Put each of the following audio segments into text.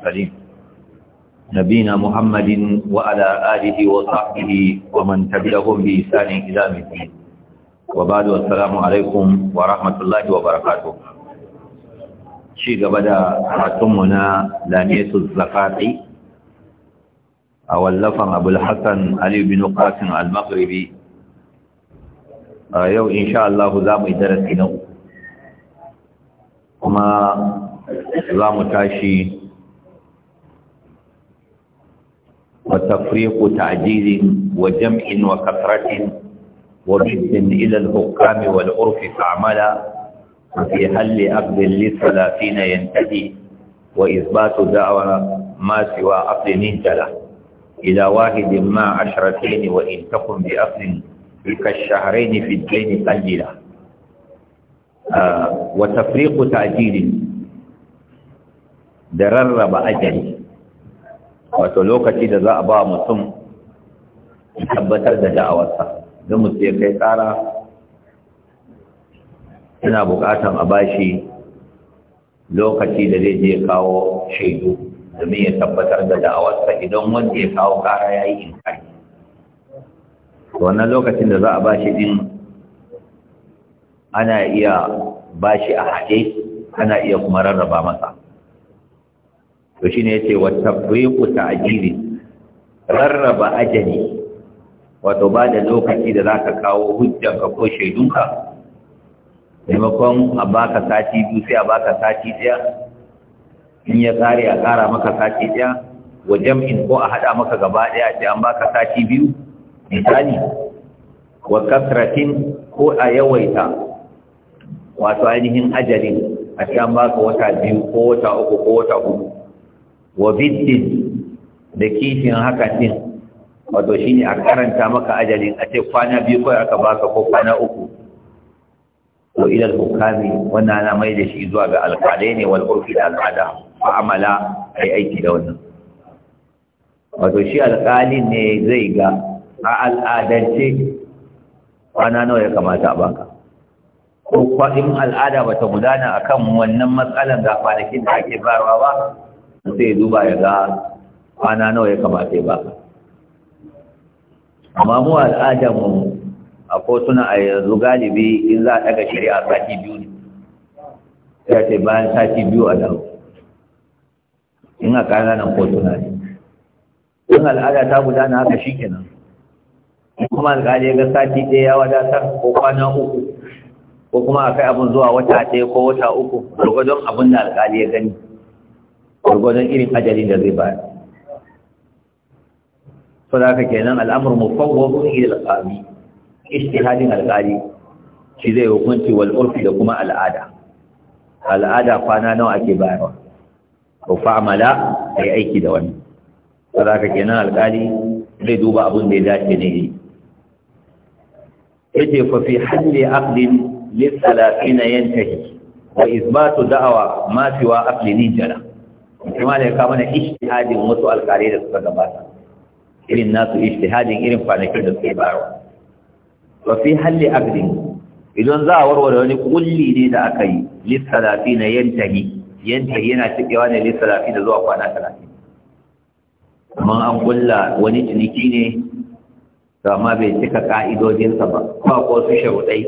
السليم نبينا محمد وعلى آله وصحبه ومن تبعهم بإحسان إلى الدين وبعد السلام عليكم ورحمة الله وبركاته شيء بدا حتمنا لانية الزكاة أولفا أبو الحسن علي بن قاسم المغربي يو إن شاء الله زام درسنا وما زام تاشي وتفريق تعجيل وجمع وكثرة وبث إلى الحكام والعرف فعملا وفي حل أقل للثلاثين ينتهي وإثبات دعوة ما سوى أقل نهجلة إلى واحد ما عشرتين وإن تقم بأقل تلك الشهرين في الدين قليلة آه وتفريق تعجيل درر أجلي wato lokaci da za a ba mutum tabbatar da da'awarsa don mutum ya kai tsara suna bukatan a bashi lokaci da zai je kawo shaidu domin ya tabbatar da da'awarsa idan wanda ya kawo kara ya yi inkari wannan lokacin da za a bashi din ana iya bashi a haɗe ana iya kuma rarraba masa to shi shine yace wa ta ajiri rarraba ajali wato ba da lokaci da zaka kawo hujjanka ko shaidunka maimakon a baka sati biyu sai a baka sati daya in ya kare a kara maka sati daya wa jam'in ko a hada maka gaba daya sai an baka sati biyu misali wa kasratin ko a yawaita wato ainihin ajalin a sai an baka wata biyu ko wata uku ko wata hudu wa da kishin haka din wato shine a karanta maka ajali a ce kwana biyu kawai aka baka ko kwana uku to ilal hukami wannan ana mai da shi zuwa ga alƙalai ne wal urfi da al'ada fa'amala ai aiki da wannan wato shi alƙalin ne zai ga a al'adance kwana nawa ya kamata a baka ko in al'ada ba ta gudana akan wannan matsalan ga kwanakin da ake barawa ba sai ya duba ya ga kwana nawa ya kamata ya amma mu al'adar mu a kotuna a yanzu galibi in za a daga shari'a sati biyu ne sai ce bayan sati biyu a dawo in a ƙananan kotuna ne in al'ada ta gudana haka shi kenan kuma alƙali ga sati ɗaya ya wadatar ko kwana uku ko kuma a kai abin zuwa wata ɗaya ko wata uku don abin da alƙali ya gani gwargwadon irin ajalin da zai bayar so da haka kenan al'amur mufawwadun ila alqami ijtihadin alqali shi zai hukunci wal urfi da kuma al'ada al'ada kwana nawa ake bayarwa ko fa'amala ai aiki da wani. Sada da kenan alqali zai duba abin da ya dace ne yace fa fi halli aqdin lil 30 yantahi wa isbatu da'wa ma siwa aqli nijala kuma da ya kama na ishtihadin wasu alkalai da suka gabata irin nasu ishtihadin irin kwanakin da suke bayarwa wa fi halli abdin idan za a warware wani kulli ne da aka yi lissalafi na yantahi yantahi yana cikewa ne lissalafi da zuwa kwana talatin amma an kulla wani ciniki ne to amma bai cika ka'idojinsa ba ba ko su sharuɗai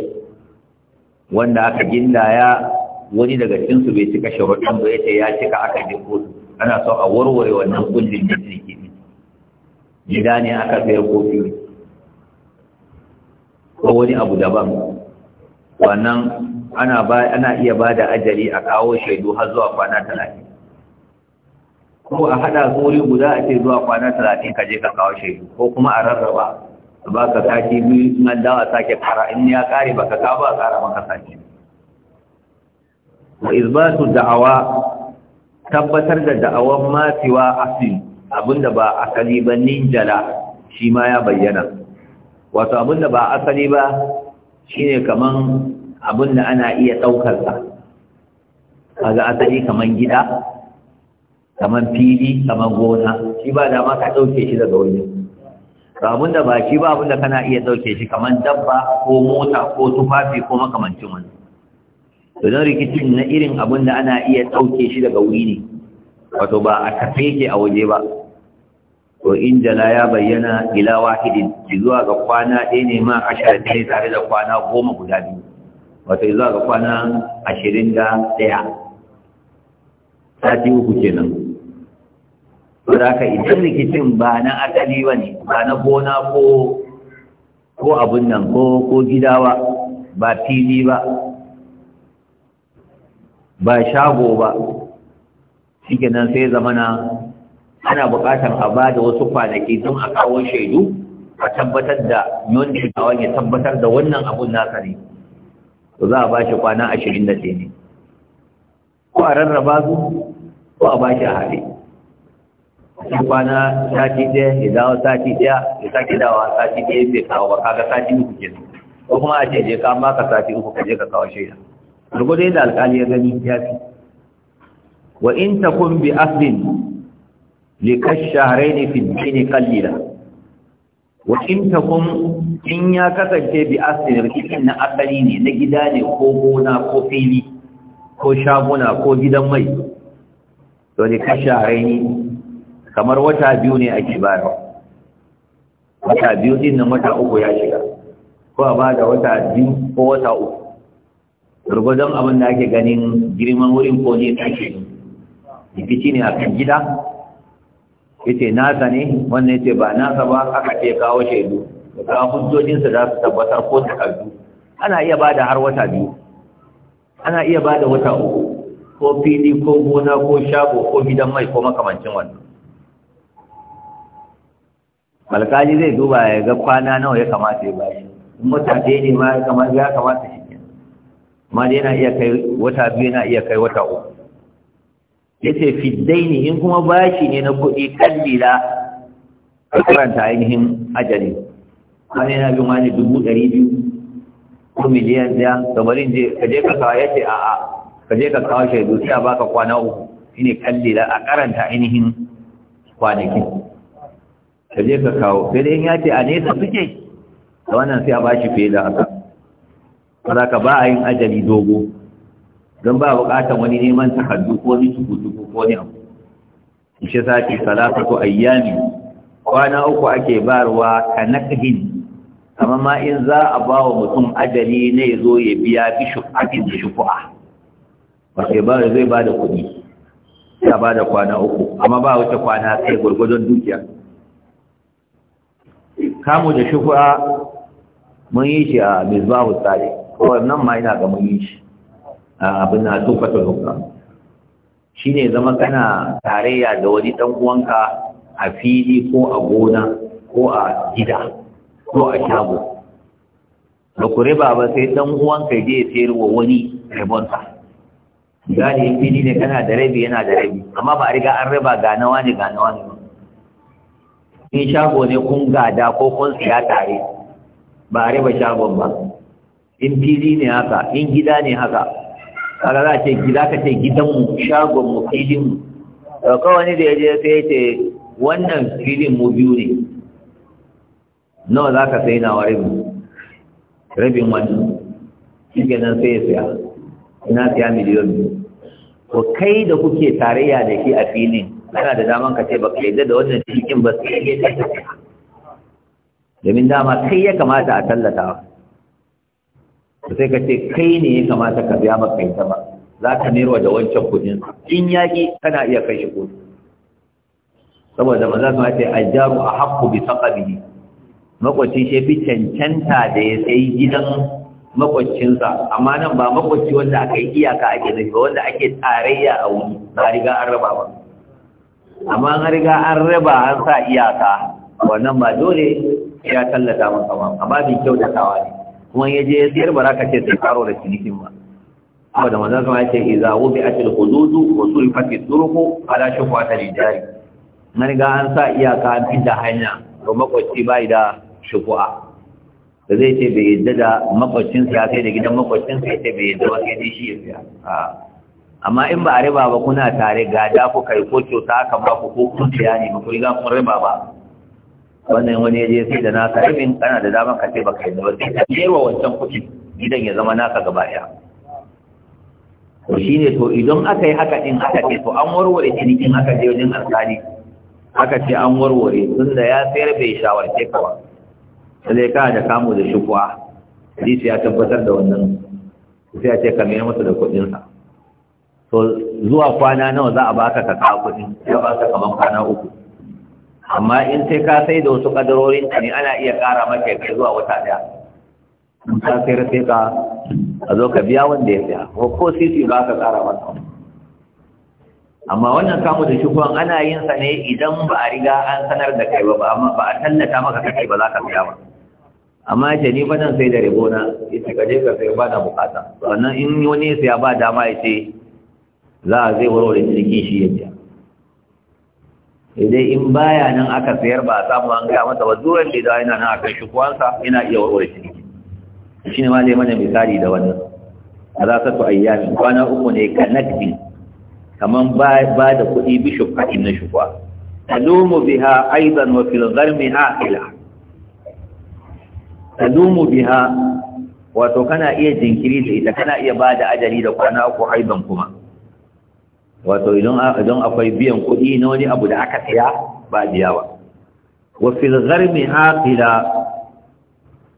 wanda aka gindaya wani daga cikin su bai cika sharuɗan ba yace ya cika aka je kotu ana so a warware wannan kullin da take ne gida ne aka sayar kofi ko wani abu daban wannan ana ba ana iya bada ajali a kawo shaidu har zuwa kwana 30 ko a hada gori guda a ce zuwa kwana 30 ka je ka kawo shaidu ko kuma a rarraba ba ka sake biyu in dawa sake fara in ya kare baka kawo ba kara maka sake biyu wa izbatu da'awa tabbatar da da'awan ma siwa asli abinda ba asali ba ninjala shi ma ya bayyana wato abinda ba asali ba shine kaman abinda ana iya daukar sa kaga asali kaman gida kaman fili kaman gona shi ba da ma ka dauke shi daga wani abinda ba shi ba abinda kana iya dauke shi kaman dabba ko mota ko tufafi ko makamancin wani don rikicin na irin abin da ana iya ɗauke shi daga wuri ne wato ba a kafe ke a waje ba to in jala ya bayyana ila wahidin zuwa ga kwana ɗaya ne ma ashirin ɗaya tare da kwana goma guda biyu wato zuwa ga kwana ashirin da ɗaya sati uku kenan da haka idan rikicin ba na asali ba ne ba na gona ko ko abin nan ko ko gida ba ba fili ba ba shago ba shi nan sai zamana ana buƙatar a ba da wasu kwanaki don a kawo shaidu a tabbatar da yawan shekawan ya tabbatar da wannan abun nasa ne to za a ba shi kwana ashirin da ne ko a rarraba su ko a ba shi a hari shi kwana sati ɗaya ya dawo sati ɗaya ya sake dawa sati ɗaya bai kawo ba kaga sati uku kenan ko kuma a ce je ka maka sati uku ka je ka kawo shaida dai da alƙali ya gani ya fi wa in kun bi afdin li kasharain fi din qallila wa in kun in ya kasance bi afdin rikicin na asali ne na gida ne ko gona ko fili ko shaguna ko gidan mai to li kasharain kamar wata biyu ne ake bayarwa wata biyu din na wata uku ya shiga ko a da wata biyu ko wata uku gurgudan abin da ake ganin girman wurin ko ne take rikici ne a kan gida ce nasa ne wannan ce ba nasa ba aka ce kawo shaidu ga hujjojinsa za su tabbatar ko takardu ana iya ba da har wata biyu ana iya ba da wata uku ko fili ko gona ko shago ko gidan mai ko makamancin wannan alkali zai duba ya ga kwana nawa ya kamata ya bashi in mutane ne ma ya kamata ya kamata shi ma dai yana iya kai wata biyu yana iya kai wata uku yace fi daini in kuma bashi ne na kuɗi kallila a karanta ainihin ajali wani yana bin wani dubu ɗari biyu ko miliyan ɗaya samarin je ka je ka kawo yace a'a ka je ka kawo shaidu sai a baka kwana uku shine kallila a karanta ainihin kwanakin ka je ka kawo sai dai in yace a nesa suke da wannan sai a bashi fiye da haka ba ka ba a yin ajali dogo don ba bukatan wani neman takardu ko wani tukutuku ko wani abu ishe salafa ko ayyami kwana uku ake barwa ka naqhin amma ma in za a ba wa mutum ajali ne ya zo ya biya bi shufatin da shufu'a ba ke ba zai ba da kuɗi ya ba da kwana uku amma ba wata kwana sai gwargwadon dukiya kamu da shufu'a mun yi shi a misbahu tsari nan ma ina ga mun yi shi abin na tufatul Shi ne zama kana tarayya da wani dan uwanka a fili ko a gona ko a gida ko a shago ba ku riba ba sai dan uwanka je ya sayar wa wani rabonsa gani fili ne kana da rabi yana da rabi amma ba a riga an raba ga nawa ne ga nawa ne ba in shago ne kun gada ko kun siya tare ba a riba shagon ba in fili ne haka in gida ne haka kaga za ce gida ka ce gidanmu shagonmu filinmu ɗauka wani da ya je sai ce wannan filin mu biyu ne nawa za ka sai nawa rabin rabin wannan shi nan sai ya siya ina siya miliyon biyu ko kai da kuke tarayya da shi a filin kana da daman ka ce ba ka yadda da wannan cikin ba sai ya ta domin dama kai ya kamata a tallata sai ka ce kai ne ya kamata ka biya maka ita ba za ka nirwa da wancan kudin in yaƙi kana iya kai shi kotu saboda maza su ce jaru a haƙƙu bi saƙabihi makwaci shi fi cancanta da ya sai gidan makwacinsa amma nan ba makwaci wanda aka yi iyaka ake nufi ba wanda ake tarayya a wuri ba riga an raba ba amma an riga an raba an sa iyaka wannan ba dole ya tallata masa ba amma da tawa ne kuma ya je ya siyar ba za ka ce sai karo da cinikin ba abu da manzan kama ya ce iza wubi a cikin hududu wa suri fati turuku ala shi kuwa ta jari. na riga an sa iyaka an fi da hanya ga makwacci bai da shuku'a da zai ce bai yadda da makwacinsa ya kai da gidan makwacinsa ya ce bai yadda ba sai dai shi ya fiya amma in ba a riba ba kuna tare ga da ku kai ko kyauta haka ba ku ko kun siya ne ba ku riga kun riba ba wannan wani ya je sai da naka ibin kana da damar ka sai baka yi ba sai ka jewa wancan kuɗi gidan ya zama naka gaba ɗaya to shine to idan aka yi haka din aka ce to an warware in aka je wajen alƙali aka ce an warware tunda ya sayar bai shawarce ka ba sai ka da kamu da shukwa hadisi ya tabbatar da wannan sai a ce ka mayar masa da kuɗinsa to zuwa kwana nawa za a baka ka kawo kuɗin ya baka kaman kwana uku amma in sai ka sai da wasu kadarorin ne ana iya kara maka kai zuwa wata daya in ka sayar sai ka a zo ka biya wanda ya saya ko ko sisi ba ka kara masa amma wannan kamu da shukuwan ana yin sa ne idan ba a riga an sanar da kai ba amma ba a tallata maka kai ba za ka biya ba amma ce ni ba sai da ribona ita ka je ka sai ba na bukata sannan in wani ya saya ba dama ya ce za a zai warware cikin shi ya biya idai eh, in baya nan aka sayar ba a samu an gaya masa ba zuwan da idan yana nan a kan shukuwansa yana iya warware shi shi ne ma zai mana misali da wannan a za su ayyami kwana uku ne ka kamar ba da kuɗi bishop shukatin na shukwa talumu biha aizan wa fil gharmi aqila talumu biha wato kana iya jinkiri da ita kana iya ba da ajali da kwana uku aizan kuma wato idan akwai biyan kuɗi na wani abu da aka saya ba biya ba wa fil gharmi aqila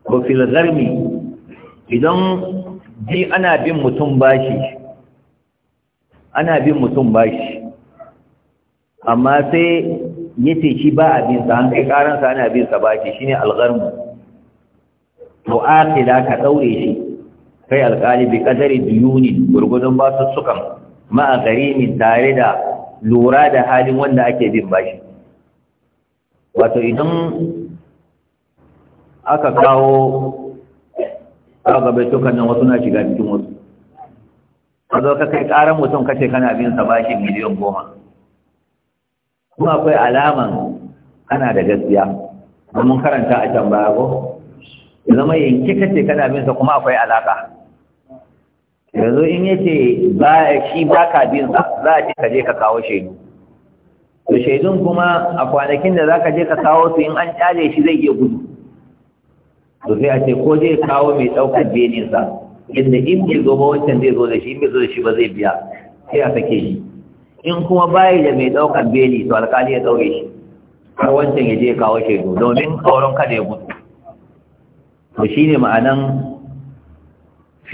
wa fil gharmi idan ji ana bin mutum bashi ana bin mutum bashi amma sai yace shi ba abin sa an kai karan sa ana bin sa bashi shine al to aqila ka daure shi kai alƙali bi qadari duyuni gurgudun ba su sukan ma'a garimi tare da lura da halin wanda ake bin bashi wato idan aka kawo gaba to nan wasu na shiga cikin wasu a zo ka kai karan mutum kace kana bin sa bashi miliyan goma kuma akwai alaman ana da gaskiya domin karanta a can baya ko zama yanki kace kana bin sa kuma akwai alaka yanzu in yace ba shi ba ka bin sa za a ce ka je ka kawo shaidu to shaidun kuma a kwanakin da za ka je ka kawo su in an kyale shi zai iya gudu to sai a ce ko zai kawo mai ɗaukar benin sa inda in bai zo ba wancan zai zo da shi in bai zo da shi ba zai biya sai a sake shi in kuma bayi da mai ɗaukar beli to alkali ya ɗauke shi har wancan ya je ya kawo shaidu domin tsoron kada ya gudu. to shine ma'anan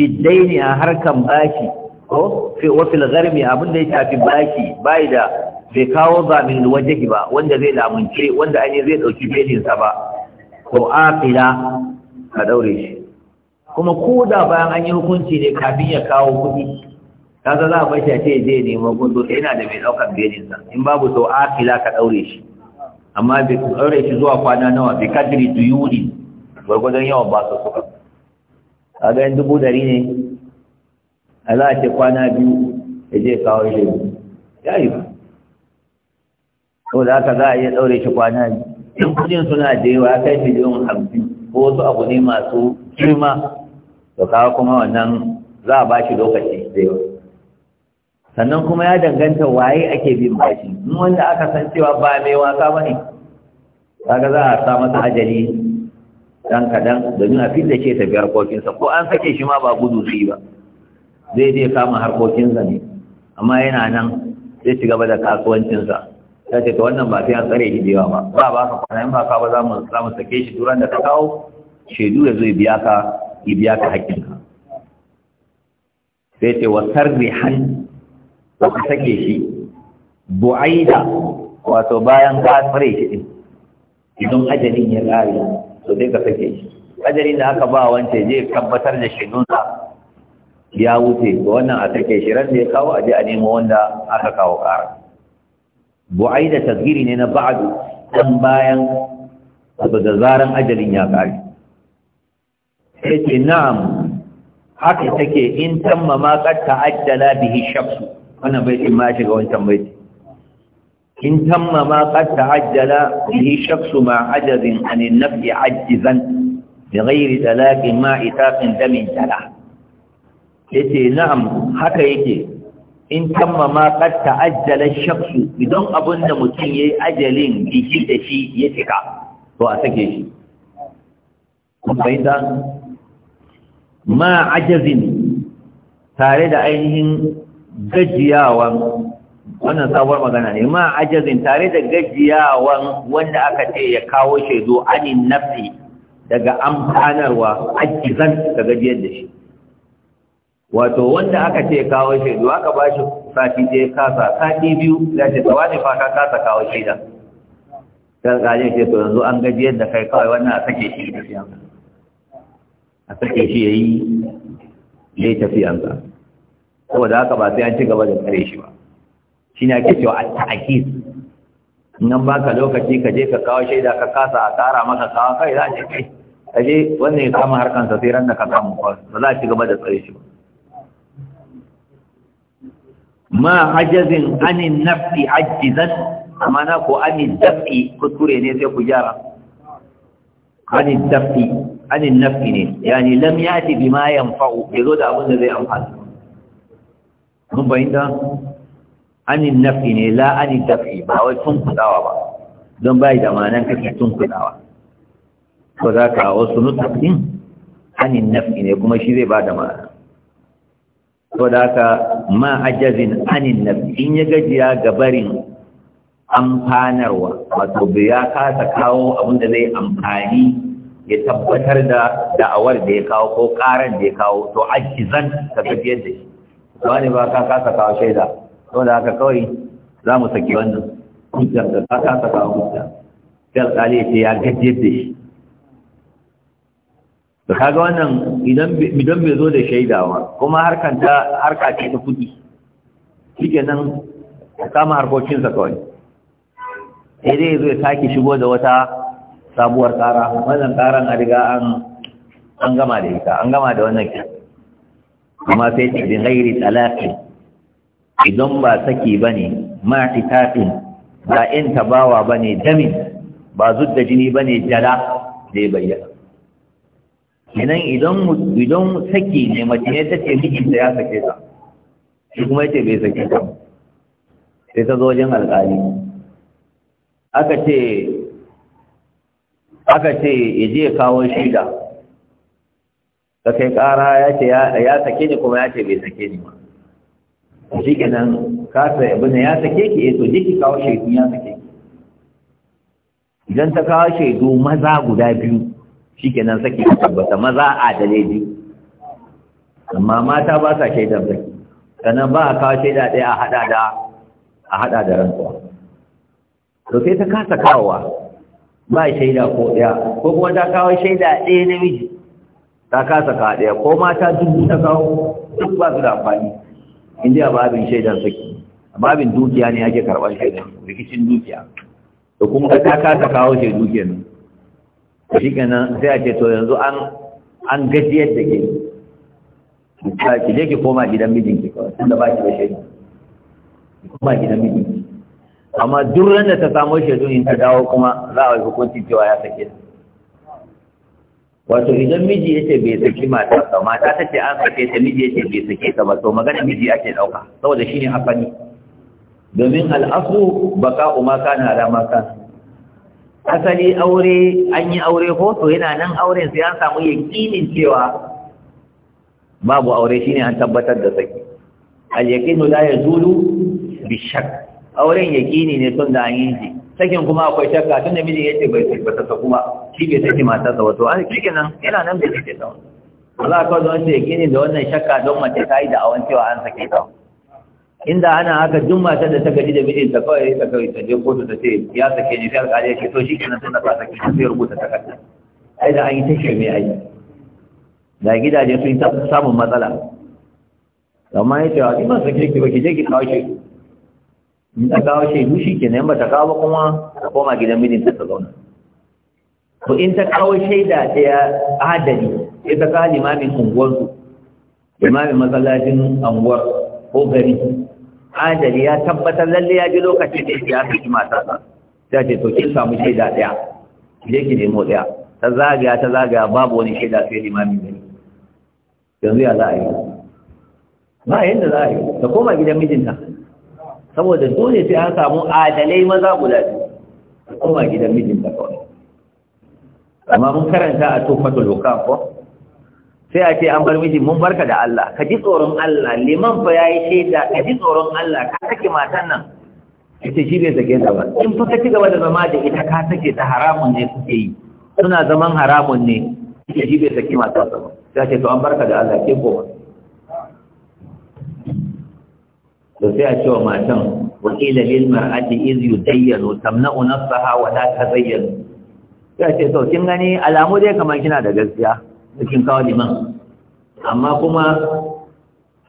fiddaini a harkan baki ko fi wafil garmi abin da ya shafi baki bai da bai kawo zamin wajahi ba wanda zai lamunce wanda an zai dauki belinsa ba ko afila ka daure shi kuma ko da bayan an yi hukunci ne kafin ya kawo kuɗi ka za a bashi a ce zai neman gudu sai yana da mai ɗaukar belinsa in babu a afila ka daure shi amma bai daure shi zuwa kwana nawa bai kadiri duyuni gwargwadon yawan ba su suka a ga yin dubu dari ne a za a ce kwana biyu ya je kawo shi ya yi ko da aka za a iya ɗaure shi kwana biyu in kudin suna da yawa kai miliyan hamsin ko wasu abu ne masu girma to kawo kuma wannan za a ba shi lokaci da yawa sannan kuma ya danganta waye ake bin bashi in wanda aka san cewa ba mai wasa ba ne kaga za a sa masa ajali Dan kaɗan domin a fidda ce tafi harkokinsa ko an sake shi ma ba gudu su ba zai je kama harkokinsa ne amma yana nan zai ci gaba da kasuwancinsa ta ce ta wannan ba sai an tsare shi da ba ba ba ka kwana in ba ka ba za mu za sake shi duran da ka kawo shaidu ya zo ya biya ka ya biya ka ka. sai ce wa sarrihan ba ka sake shi bu'aida wato bayan ka tsare shi din idan ajalin ya ƙare to dinka take shi ajali da aka ba wance je tabbatar da shinunsa ya wuce ga wannan a take shi ran da ya kawo aje a nemo wanda aka kawo kara bu'ai da tasgiri ne na badu dan bayan da zaran ajalin ya kare sai na'am haka take in tamma ma qad ta'addala bihi shaksu wannan bai ma shiga wancan bai in tamma ma qad ta'ajjala bihi shakhsu ma ajazin an an-naf'i ajizan بغير طلاق ما إتاق دم جلا yace na'am haka yake in tamma ma qad ta'ajjala ash-shakhs idan abunda mutum yayi ajalin biki da shi ya cika to a sake shi kuma ma ajazin tare da ainihin gajiyawa wannan sabuwar magana ne ma ajazin tare da gajiyawan wanda aka ce ya kawo shaidu anin nafi daga amfanarwa ajizan ka gajiyar da shi wato wanda aka ce kawo shaidu aka ba shi sati ɗaya kasa sati biyu ya ce tsawa ne fa ka kasa kawo shaidan kan kaje ce to yanzu an gajiyar da kai kawai wannan a sake shi tafiya a sake shi yayi zai tafiya ba saboda haka ba sai an ci gaba da tsare shi ba ne ake cewa al takid nan baka lokaci ka je ka kawo shaida ka kasa a tsara maka kawo kai za ce kai je wannan ya kama harkan sa sai ranar ka samu ba za a ci gaba da tsare shi ba ma hajazin anin nafsi ajizan amana ko anin dafi kuskure ne sai ku gyara anin dafi anin nafi ne yani lam yati bima yanfa'u yazo da abin da zai amfana mun bayyana anin nafi ne la anin dafi ba wai tun kudawa ba don bai da manan kake tun kudawa ko za ka wasu nutafin anin nafi ne kuma shi zai ba da ma'ana ko da ka ma ajazin anin nafi in ya gajiya ga barin amfanarwa wato bai ya kasa kawo abin da zai amfani ya tabbatar da da'awar da ya kawo ko karan da ya kawo to ajizan ka gajiyar da shi wani ba ka kasa kawo shaida saboda haka kawai za mu saki wannan hujjar da ta kasa kawo hujja sai alƙali ya ce ya gajiyar da shi da kaga wannan idan bai zo da shaidawa. kuma harkar ta harka ce ta kuɗi shikenan kama harkokinsa kawai sai dai zai sake shigo da wata sabuwar tsara wannan tsaran a riga an an gama da ita an gama da wannan kyan amma sai ce bin gairi talaqi idan ba saki ba ne, ma itafin ba in tabawa ne, damin ba da jini ba ne jala zai bayyana kenan idan idan saki ne mace ne tace mijinta ya sake ta shi kuma yace bai sake ta sai ta zo wajen alƙali aka ce aka ce ya je kawo shida ka kai ƙara ya ce ya sake ni kuma ya ce bai sake ni ba shi nan ka ya bane ya sake ki eto eh, jiki ki kawo shaidu ya sake idan ta kawo shaidu maza guda biyu shi nan sake ki tabbata maza a biyu amma mata ba sa shaidar sake sannan ba a kawo shaida ɗaya a haɗa da a haɗa da rantsuwa to sai ta kasa kawowa ba shaida ko ɗaya ko kuma ta kawo shaida ɗaya namiji ta kasa kawo ɗaya ko mata dubu ta kawo duk ba su da amfani in a babin shaidan saki babin dukiya ne ake karɓar shaidar rikicin dukiya da kuma ka ta kasa kawo shi dukiyar nan shi kenan sai a ce to yanzu an an gaji da ke ki je ki koma gidan mijinki kawai tunda ba ki da shaidan ki koma gidan mijinki amma duk ran da ta samu shaidu in ta dawo kuma za a yi hukunci cewa ya sake ta wato idan miji yace bai saki mata ba mata tace an sake ta miji yace bai saki ta ba to magana miji ake dauka saboda shine asali domin al'asu baka umma kana da ma asali aure an yi aure ko to yana nan auren sai an samu yakinin cewa babu aure shine an tabbatar da saki al yaqinu la yazulu bi shakk auren yakini ne tun da an yi shi sakin kuma akwai shakka tun da miji yace bai ba ta kuma shi bai saki mata sa wato "Ai kike nan yana nan bai sake ta Allah ka zo ce kini da wannan shakka don mace ta yi da awan cewa an sake ta inda ana haka duk matar da ta gaji da mijinta kawai ta kawai ta je kotu ta ce ya sake ni sai alƙali ya to shi kenan tun da ba sake ta sai rubuta takarda ai da an yi tashi mai ai da gidaje sun samun matsala amma ya ce wa ba sake ki ba ki je ki kawo shi in ta kawo shi shi ke nan ba ta kawo kuma ta koma gidan mijinta ta zauna to in ta kawo shaida ɗaya adali sai ta kawo limamin unguwarsu limamin masallacin unguwar ko gari adali ya tabbatar lalle ya ji lokacin da ya fi matarsa ta ce to kin samu shaida ɗaya je ki nemo ɗaya ta zagaya ta zagaya babu wani shaida sai limamin gari yanzu ya za a yi ba yadda za a yi ta koma gidan mijinta saboda dole sai an samu adalai maza guda biyu a koma gidan mijinta kawai amma mun karanta a tofatul hukam ko sai a ce an bar miji mun barka da Allah ka ji tsoron Allah liman fa yayi shaida ka ji tsoron Allah ka sake matan nan ita shi bai sake ta ba in fa ka ci gaba da zama da ita ka sake ta haramun ne kuke yi suna zaman haramun ne ita shi bai sake matan ba sai ce to an barka da Allah ke kowa to sai a cewa matan wakila lil mar'ati iz yudayyanu tamna'u nafsaha wa ta tazayyanu sai a ce to kin gani alamu dai kamar kina da gaskiya cikin kawo liman amma kuma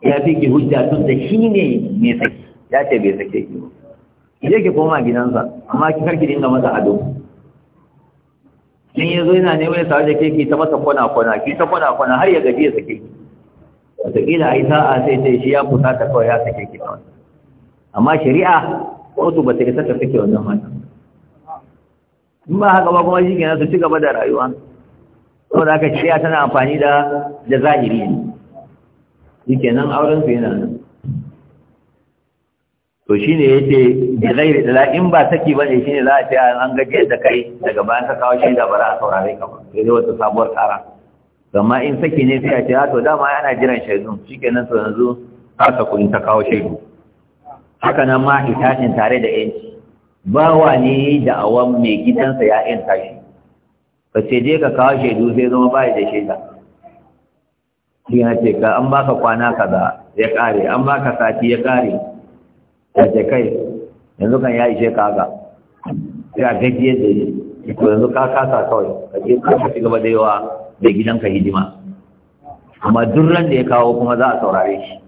ya fi ki hujja tun da shi ne mai saki ya ce bai sake ki ba ki je ki koma gidansa amma ki karki dinga masa ado in ya zo yana neman ya tare da ke ki ta masa kwana kwana ki ta kwana kwana har ya gaji ya sake ki wataƙila a yi sa'a sai sai shi ya kusa ta kawai ya sake kira wani amma shari'a kotu ba ta isa ta sake wannan mata in ba haka ba kuma shi ke su ci gaba da rayuwa da aka shari'a tana amfani da da zahiri ne shi nan auren su yana nan to shi ne ya ce da da in ba saki ba ne shi ne za a ce an gaje da kai daga bayan ka kawo shi da bara a saurare kama, sai dai wata sabuwar tsara gama in saki ne sai a ce ah, to dama ana jiran shaidu nan to yanzu har ta kuɗin ta kawo shaidu haka nan ma itashin tare da yanci bawa ne da awan mai gidansa ya yanta shi ba ce je ka kawo shaidu sai zama ba da shaida shi ya ce ka an baka kwana kaza ya kare an baka sati ya kare ya ce kai yanzu kan ya ishe ka ga sai a gajiyar da yi yanzu ka kasa kawai ka je ka ci gaba da yawa da gidanka hidima amma durran da ya kawo kuma za a saurare shi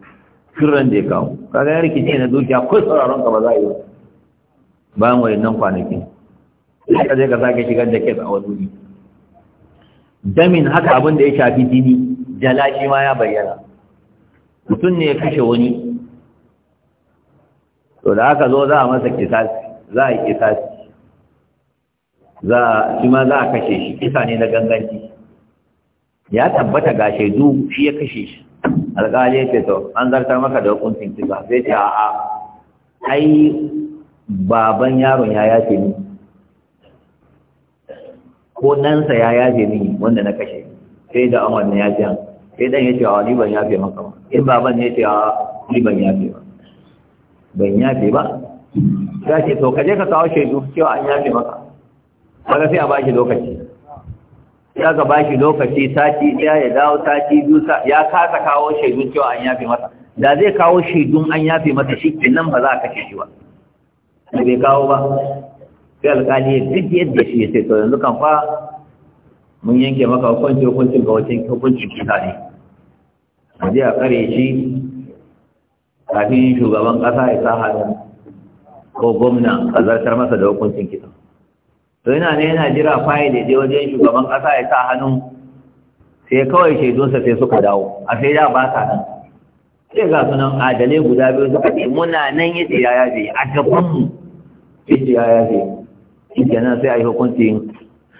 durran da ya kawo kaga ya rikice na dukiya ko sauraron ka ba za a yi bayan nan kwanakin sai ka je ka sake shigar da kes a wani wuri damin haka abin da ya shafi jini jala shi ma ya bayyana mutum ne ya kashe wani to da aka zo za a masa kisasi za a yi kisasi za a shi ma za a kashe shi kisa ne na ganganci ya tabbata ga shaidu shi ya kashe shi alƙali ya ce to an zartar maka da hukuncin kisa sai ce a'a ai baban yaron ya yace ni ko ɗansa ya yace ni wanda na kashe sai da an wannan yace an sai dan ce a ni ban yafe maka ba in baban ce a ni ban yafe ba ban yafe ba ya ce to kaje ka kawo shaidu cewa an yafe maka kaga sai a bashi lokaci ya ga ba shi lokaci sati ɗaya ya dawo sati biyu ya kasa kawo shaidun cewa an yafe masa da zai kawo shaidun an yafe masa shi nan ba za a kashe shi ba bai kawo ba sai alkali ya duk yadda shi ya sai to yanzu kan fa mun yanke maka hukunci hukuncin ga wacin hukuncin kisa ne a je a kare shi kafin shugaban ƙasa ya sa hannu ko gwamna a zartar masa da hukuncin kisa to yana ne yana jira fayi da je wajen shugaban ƙasa ya sa hannu sai kawai shaidunsa sai suka dawo a sai da ba sa nan sai ga sunan adalai guda biyu suka ce muna nan ya ce yaya yaje a mu ya ce ya yaje shi nan sai a yi hukunci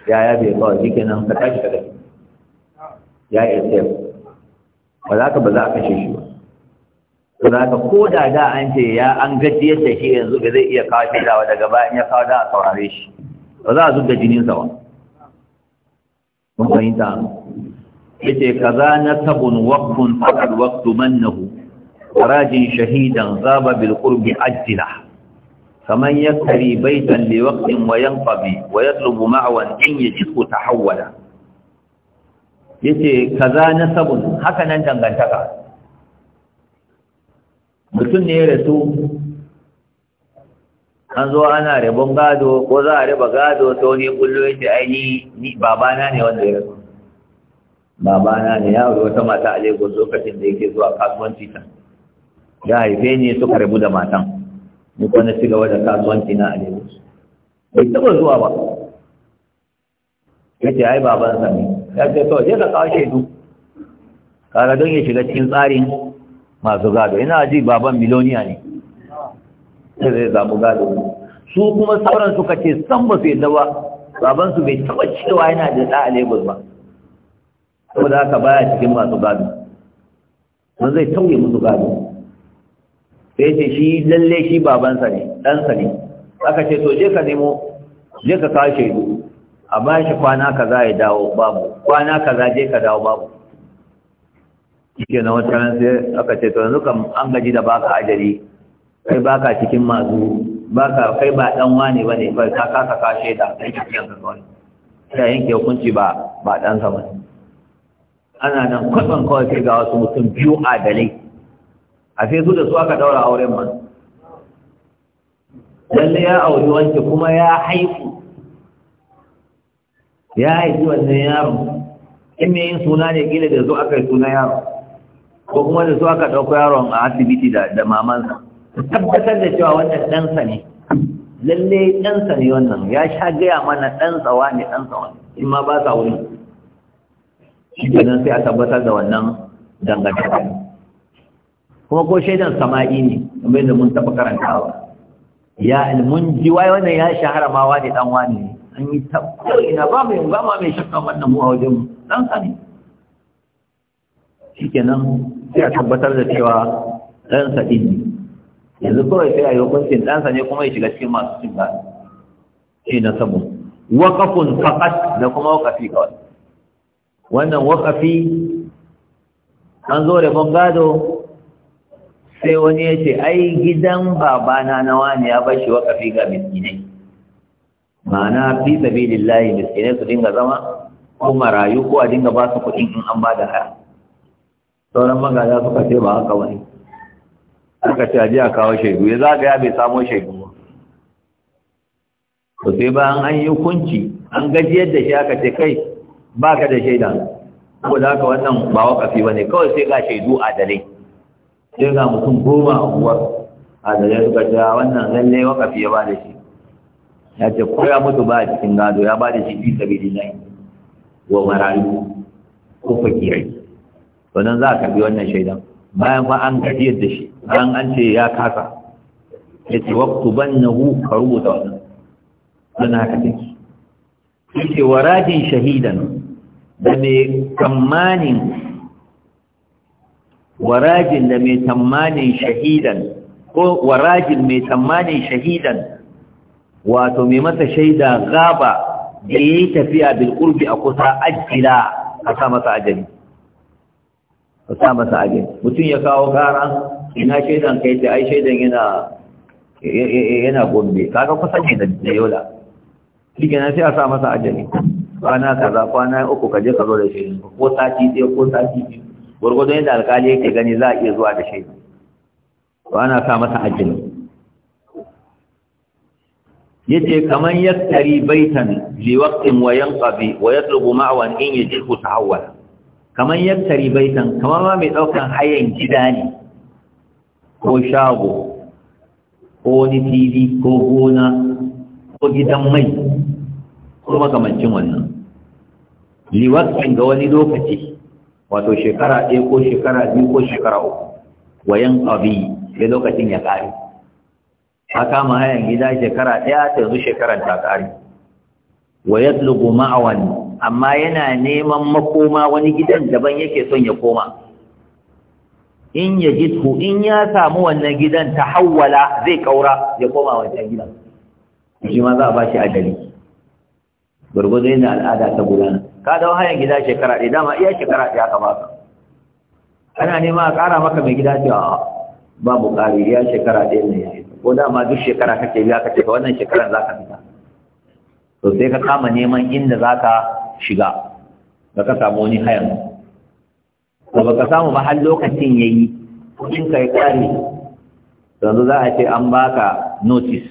yaya yaje kawai shi kenan ka tashi ka tafi ya yi sai ba za ka ba za a kashe shi ba to za ka ko da da an ce ya an gajiyar da shi yanzu ba zai iya kawo shaidawa daga bayan ya kawo da a saurare shi ba za a zub da jininsa ba mun fahimta yace kaza na tabun waqfun faqad waqtu mannahu rajin shahidan zaba bil qurbi ajila فمن يكتري بيتا لوقت وينقضي ويطلب معوا إن يجده تحولا yace kaza tabun haka nan dangantaka mutum ne ya rasu an zo ana rabon gado ko za a raba gado ta wani kullo ya ce ai ni babana ne wanda ya rasu babana ne ya wuri wata mata a lagos lokacin da yake zuwa kasuwanci ta ya haife ne suka rabu da matan ni kuma na ci gaba da kasuwanci na a lagos bai taɓa zuwa ba ya ce ai babansa ne ya ce to je ka kawo shaidu kaga don ya shiga cikin tsarin masu gado ina ji baban miloniya ne sai zai zaɓu gado su kuma sauran suka ce san ba su yadda ba baban su bai taba cewa yana da da a Lagos ba ko da ka baya cikin masu gado mun zai tauye musu gado sai ce shi lalle shi babansa ne ɗansa ne aka ce to je ka nemo je ka kawo shaidu a ba shi kwana kaza ya dawo babu kwana kaza je ka dawo babu shike na wata ran sai aka ce to yanzu kam an gaji da baka ajali kai baka cikin masu baka kai ba dan wane bane kai ka kasa ka da kai cikin ka kawai sai yanke hukunci ba ba dan sa bane ana nan kwatsan kawai sai ga wasu mutum biyu adalai a sai su da su aka daura auren man lalle ya auri wanke kuma ya haifu ya haifi wannan yaro in me yin suna ne kila da zo aka yi suna yaron. ko kuma da su aka ɗauko yaron a asibiti da mamansa tabbatar da cewa wannan ɗansa ne lalle ɗansa ne wannan ya sha gaya mana ɗansa wa ne ɗansa wa in ma ba sa wuri idan sai a tabbatar da wannan dangantaka kuma ko shaidan sama'i ne kamar yadda mun taɓa karantawa ya mun ji wai wannan ya shahara ma wa ne ɗan wa ne an yi tabbatar ina ba mai ba ma mai shakka wannan mu a wajen ɗansa ne shikenan sai a tabbatar da cewa ɗansa ɗin ne yanzu kawai sai a yi hukuncin ɗansa ne kuma ya shiga cikin masu cin gado shi na sabu waƙafun faƙat da kuma waƙafi kawai wannan waƙafi an zo da gado sai wani ya ce ai gidan babana na wani ya bashi waƙafi ga miskinai ma'ana fi sabilillahi miskinai su dinga zama kuma rayu, ko a dinga ba su kuɗin in an ba da haya sauran magana suka ce ba haka wani aka ce aje a kawo shaidu ya zaga ya bai samo shaidu ba to sai ba an yi hukunci an gajiyar da shi aka ce kai baka da shaida da haka wannan ba wakafi bane kawai sai ga shaidu a dare sai ga mutum goma a a dare suka ce wannan lalle wakafi ya bada shi ya ce ko ya mutu ba a cikin gado ya bada shi fi sabilillahi wa marayu ko fakirai to nan za a karbi wannan shaidan bayan fa an gajiyar da shi an an ce ya kasa ya ce waktu ban na hu ka rubuta wannan don haka take ce wa rajin shahidan da mai tsammanin warajin da mai tsammanin shahidan ko warajin mai tsammanin shahidan wato mai masa shaida gaba da ya yi tafiya kurbi a kusa ajila a sa masa ajali a sa masa ajali mutum ya kawo karan ina shaidan kai ce ai shaidan yana yana gombe kaga kusa ne da yola shi na sai a sa masa ajali kwana kaza kwana uku kaje ka zo da shi ko sati ɗaya ko sati biyu gwargwadon yadda alkali yake gani za a iya zuwa da shi kwana sa masa ajali yace kaman yaktari baitan li waqtin wa yanqabi wa yatlubu ma'wan in yajihu tahawwala kaman yaktari baitan kaman ma mai daukan hayan gida ne ko shago ko wani fili ko gona ko gidan mai ko makamancin wannan liwakin ga wani lokaci wato shekara ɗaya ko shekara biyu ko shekara uku wayan abi sai lokacin ya ƙare a kama hayan gida shekara ɗaya ta yanzu shekarar ta ƙare wa yatlubu ma'awan amma yana neman makoma wani gidan daban yake son ya koma in ya jidhu in ya samu wannan gidan ta hawala zai kaura ya koma wancan gidan shi ma za a bashi ajali gwargwado yadda al'ada ta gudana ka da hayan gida shekara ɗaya dama iya shekara ɗaya ka baka ana nema a ƙara maka mai gida cewa babu ƙari iya shekara ɗaya ne ya ko dama duk shekara kake biya ka ce ka wannan shekaran za ka fita to sai ka kama neman inda za ka shiga da ka samu wani hayan to baka samu ba har lokacin ya yi kudin ka ya kare yanzu za a ce an baka notice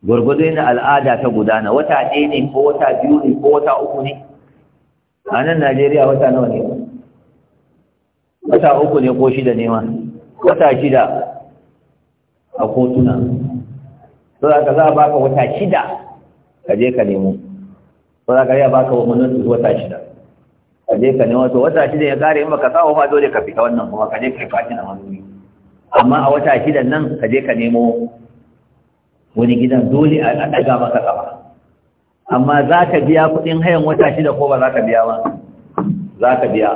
gwargwado na al'ada ta gudana wata ɗaya ne ko wata biyu ne ko wata uku ne a nan najeriya wata nawa ne wata uku ne ko shida ne ma wata shida a kotuna so za ka za a baka wata shida ka je ka nemo so za ka iya baka wani wata shida ka je ka nemo to wata shida ya kare in baka kawo ba dole ka fita wannan kuma ka je ka fashi na wani amma a wata shida nan ka je ka nemo wani gidan dole a daga maka kafa amma za ka biya kudin hayan wata shida ko ba za ka biya ba za ka biya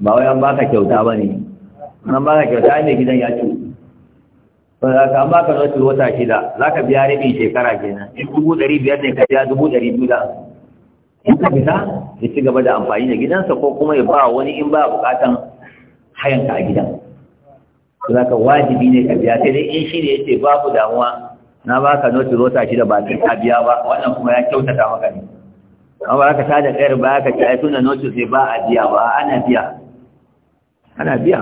ba wai an baka kyauta ba ne an baka kyauta ne gidan ya ci ba za ka an baka nautin wata shida za ka biya rabin shekara kenan in dubu ɗari biyar ne ka biya dubu ɗari biyu da in ka fita ya ci gaba da amfani da gidansa ko kuma ya ba wani in ba bukatan hayanka a gidan za ka wajibi ne ka biya sai dai in shi ne ya ce babu damuwa na ba ka noti rota shi da bakin ka biya ba wannan kuma ya kyautata maka ne amma ba ka sa da tsayar ba ka ci ai tunda noti sai ba a biya ba ana biya ana biya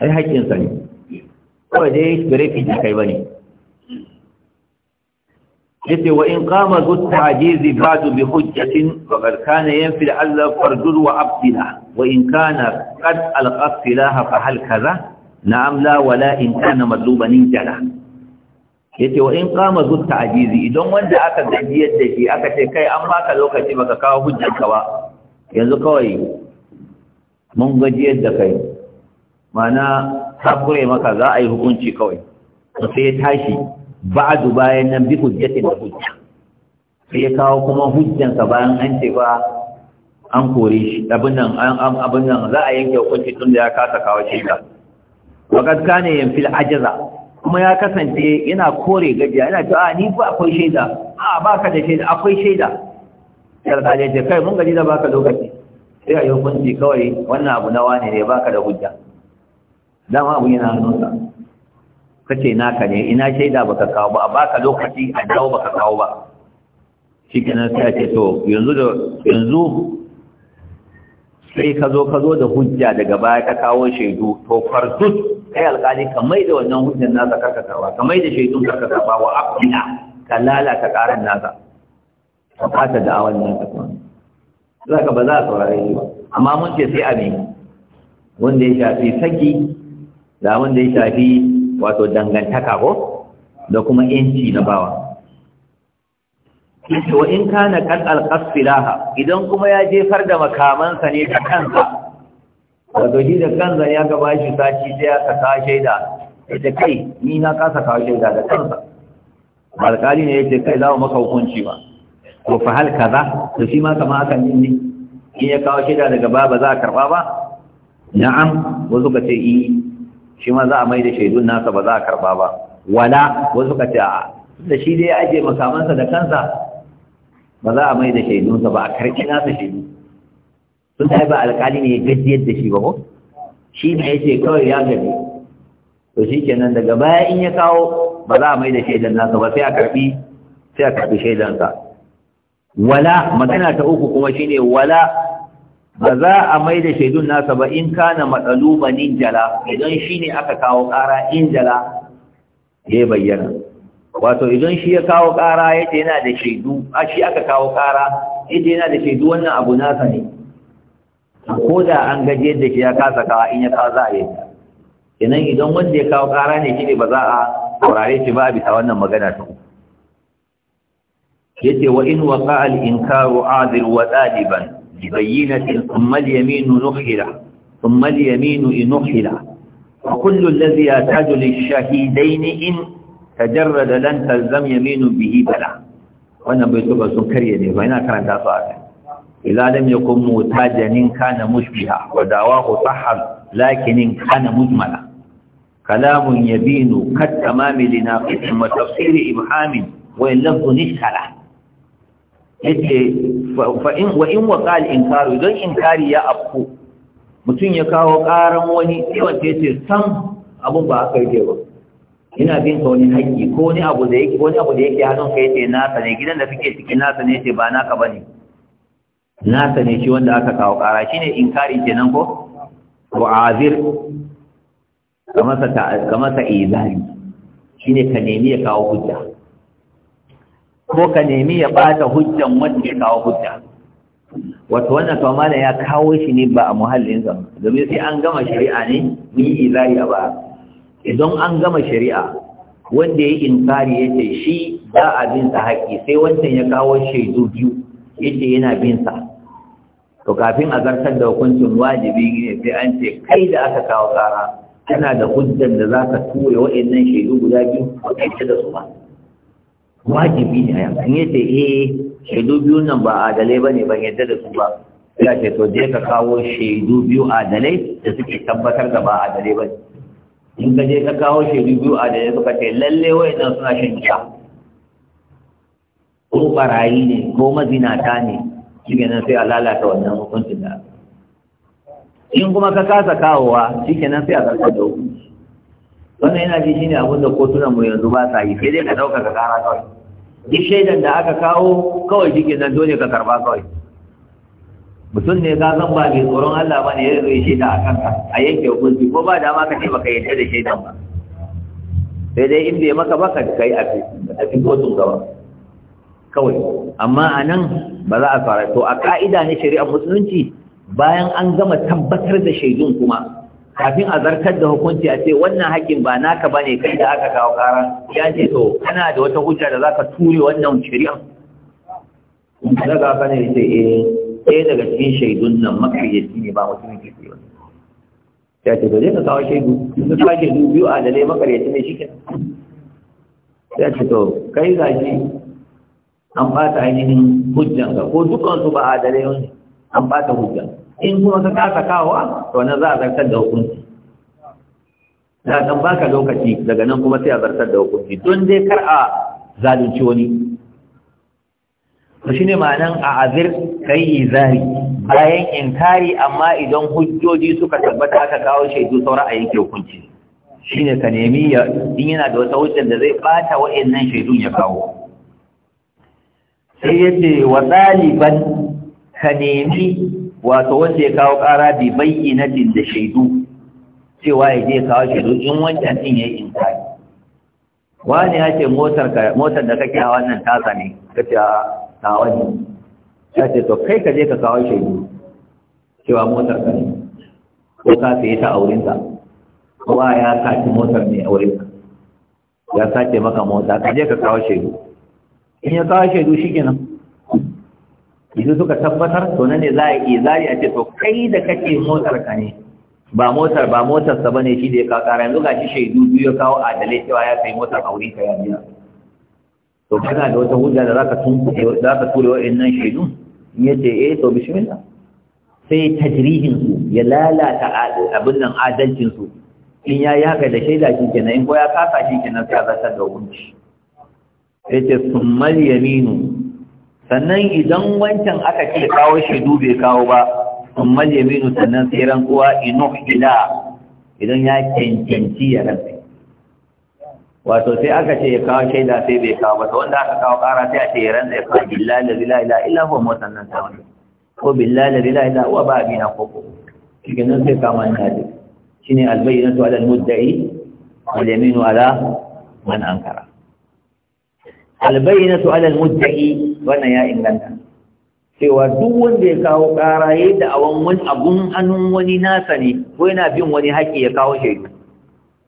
ai haƙƙinsa ne kawai dai bere fiji kai ba ne yace wa in qama zu ta'jizi ba'du bi hujjatin wa qad kana yanfi Allah fardul wa abdila wa in kana qad alqafilaha fa hal kaza na'am la wala in kana madluban jala yace wa in qama zu ta'jizi idan wanda aka gaji yadda shi aka ce kai an baka lokaci baka kawo hujjanka ba yanzu kawai mun gaji da kai mana sabure maka za a yi hukunci kawai sai ya tashi ba'adu bayan nan bi hujjatin da hujja sai ya kawo kuma hujjansa bayan an ce ba an kore shi abin nan abin nan za a yanke hukunci tun da ya kasa kawo shi wa gaska kane yan fil ajaza kuma ya kasance yana kore gajiya yana cewa a ni ba akwai shaida a baka da shaida akwai shaida yarda da ce kai mun gaji da baka lokaci sai a yi hukunci kawai wannan abu na wane ne baka da hujja dama abu yana hannunsa Ka na naka ne ina shaida baka kawo ba a baka lokaci a dawo baka kawo ba shikenan sai ce to yanzu da yanzu sai ka zo ka zo da hujja daga baya ka kawo shaidu to farzut kai alƙali ka mai da wannan hujjan nasa karka karba ka mai da shaidun karka karba wa abina ka lalata ƙaran nasa ka fata da awan nasa kuma za ka ba za a saurare shi ba amma mun ce sai abin. wanda ya shafi saki da wanda ya shafi wato dangantaka ko da kuma yanci na bawa wa in kana kan alqasilaha idan kuma ya jefar da makamansa ne da kansa wato shi da kansa ya gaba shi saci sai ya saka shaida ita kai ni na kasa kawo shaida da kansa alƙali ne ya ce kai za mu maka hukunci ba ko fa hal kaza to shi ma kama akan yin ne in ya kawo shaida daga baba za a karɓa ba na'am wasu ka ce yi eh. shi ma za a mai da shaidun nasa ba za a karba ba wala wasu ka ce a da shi dai ya ajiye makamansa da kansa ba za a mai da shaidunsa ba a karki nasa shaidu sun ta ba alkali ne ya gajiyar da shi ba ko shi ne ya ce kawai ya gaji to shi kenan daga baya in ya kawo ba za a mai da shaidan nasa ba sai a karbi sai a karbi shaidansa wala magana ta uku kuma shine wala ba za a mai da shaidun nasa ba in kana matsaluba jala idan shi ne aka kawo ƙara jala ya bayyana wato idan shi ya kawo ƙara ya ce yana da shaidu a shi aka kawo ƙara ya ce yana da shaidu wannan abu nasa ne ko da an gaji da shi ya kasa kawa in ya kawo za a yi kenan idan wanda ya kawo ƙara ne shi ne ba za a saurare shi ba a bisa wannan magana ta yace wa in waqa al inkaru adir wa daliban ببينة ثم اليمين نحلة ثم اليمين نحلة وكل الذي يحتاج للشهيدين إن تجرد لن تلزم يمين به بلا وانا بيتوبة سنكرية يدي وانا كان تاسعك إذا لم يكن موتاجا إن كان مشبها ودعواه صحر لكن إن كان مجملا كلام يبين كالتمام لناقص وتفسير إبحام وإن لفظ نشكله yace fa in wa in wa qal inkaru don inkari ya afku mutum ya kawo karan wani yawan ce san abun ba aka yi ba ina bin ka wani haƙi ko wani abu da yake wani abu da yake hannun ka yace nasa ne gidan da kake ciki nasa ne yace ba naka bane na sane shi wanda aka kawo kara shine inkari kenan ko wa azir kamar sa kamar sa izari shine ka nemi ya kawo hujja ko ka nemi ya bata hujjan wanda ya kawo hujja wato wannan to malam ya kawo shi ne ba a muhallin zama domin sai an gama shari'a ne mu yi ba idan an gama shari'a wanda ya inkari ya ce shi za a bin sa haƙƙi sai wancan ya kawo shaidu biyu yace yana bin sa to kafin a zartar da hukuncin wajibi ne sai an ce kai da aka kawo kara kana da hujjan da za ka ture waɗannan shaidu guda biyu ko kai da su ba wajibi ne a kan yadda eh shaidu biyu nan ba adalai ne ban yadda da su ba ya ce to je ka kawo shaidu biyu adalai da suke tabbatar da ba adalai ba in ka je ka kawo shaidu biyu adalai suka ce lalle wai nan suna shan giya ko barayi ne ko mazinata ne shi nan sai a lalata wannan hukuncin da in kuma ka kasa kawowa shi kenan sai a karɓar da hukuncin wannan yana ji shine abin da kotunan mu yanzu ba sa yi sai dai ka dauka ka kara kawai duk shaidan da aka kawo kawai shi nan dole ka karba kawai mutum ne ka san ba mai tsoron Allah ba ne ya zai shaida a kanka a yanke hukunci ko ba dama ka ce baka yadda da shaidan ba sai dai in bai maka ba ka kai a cikin kotun gaba kawai amma a nan ba za a fara to a ka'ida na shari'ar musulunci bayan an gama tabbatar da shaidun kuma kafin a zartar da hukunci a ce wannan haƙƙin ba naka bane kai da aka kawo ƙara ya ce to kana da wata hujja da zaka ture wannan shari'an za ka ne ce eh ɗaya daga cikin shaidun nan makayyaci ne ba mutumin kirki ba ya ce to ka kawo shaidu in ka shaidu biyu a dalai makayyaci ne shike ya ce to kai gashi an bata ainihin hujjanka ko dukansu ba a dalai an bata hujjanka in kuma ka kasa kawowa to wani za a zartar da hukunci da kan baka lokaci daga nan kuma sai a zartar da hukunci don dai kar a zalunci wani ne ma ma'anan a azir kai zari bayan inkari amma idan hujjoji suka tabbata aka kawo shaidu saura a yanke hukunci shine ka nemi ya in yana da wata hujjar da zai bata wa'annan shaidun ya kawo sai yace wa ɗaliban ka nemi wato wanda ya kawo ƙara bi din da shaidu cewa ya je kawo shaidu in wancan din yayi inkari wani ya ce motar ka motar da kake hawa nan tasa ne kace a tawa ne ya ce to kai ka je ka kawo shaidu cewa motar ka ne ko ka sayi ta aurin ka kowa ya sace motar ne aurin ka ya sace maka mota ka je ka kawo shaidu in ya kawo shaidu shi kenan idan suka tabbatar to nan ne za a iya zari a ce to kai da kake motar ka ne ba motar ba motar sa bane shi da ya kawo kara yanzu ga shi shaidu biyu ya kawo adalai cewa ya kai motar aure ka ya biya to kana da wata hujja da zaka tunkuɗe zaka tura wa'annan shaidu in ce eh to bismillah sai tajrihin su ya lalata abin nan adalcin su in ya yi haka da shaida shi kenan in ko ya kasa shi kenan sai a zartar da hukunci ce summal yaminu sannan idan wancan aka ce kawo shaidu bai kawo ba in minu sannan sai kuwa inu ila idan ya cancanci ya rantsi wato sai aka ce ya kawo shaida sai bai kawo ba to wanda aka kawo kara sai a ce ya rantsa ya kawo billahi la ilaha illa huwa musannan ta wani ko billahi la ilaha wa ba amina ko ko cikin nan sai kama ni hadisi shine albayyinatu ala almudda'i wal yaminu ala man ankara su ala almudda'i wannan ya inganta cewa duk wanda ya kawo ƙara yadda da awan wani abun hannun wani nasa ne ko yana bin wani haƙƙi ya kawo shaidu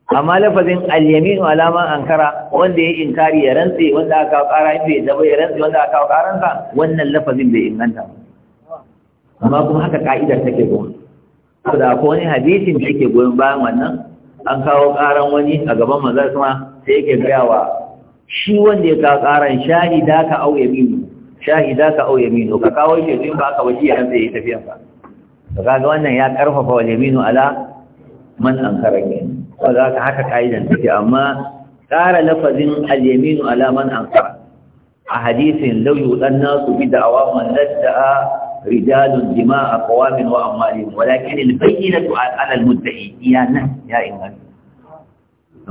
amma lafazin alyaminu alaman ankara wanda ya inkari ya rantse wanda aka kawo ƙara in bai daba ya rantse wanda aka kawo ƙaransa wannan lafazin bai inganta amma kuma haka ka'idar take goma saboda akwai wani hadisin da yake goyon bayan wannan an kawo ƙaran wani a gaban manzon sama sai yake gaya wa shi wanda ya ka karan shahida ka au yaminu shahida ka au yaminu ka kawo shi yanzu ba ka waje yan sai tafiyan ka to kaga wannan ya karfafa wal yaminu ala man ankara ne to da haka haka kaidan take amma kara lafazin al yaminu ala man ankara a hadisin law yudanna su bi da'awa man ladda'a رجال دماء أقوام وأموالهم ولكن البينة على المدعي يا nan ya inganta.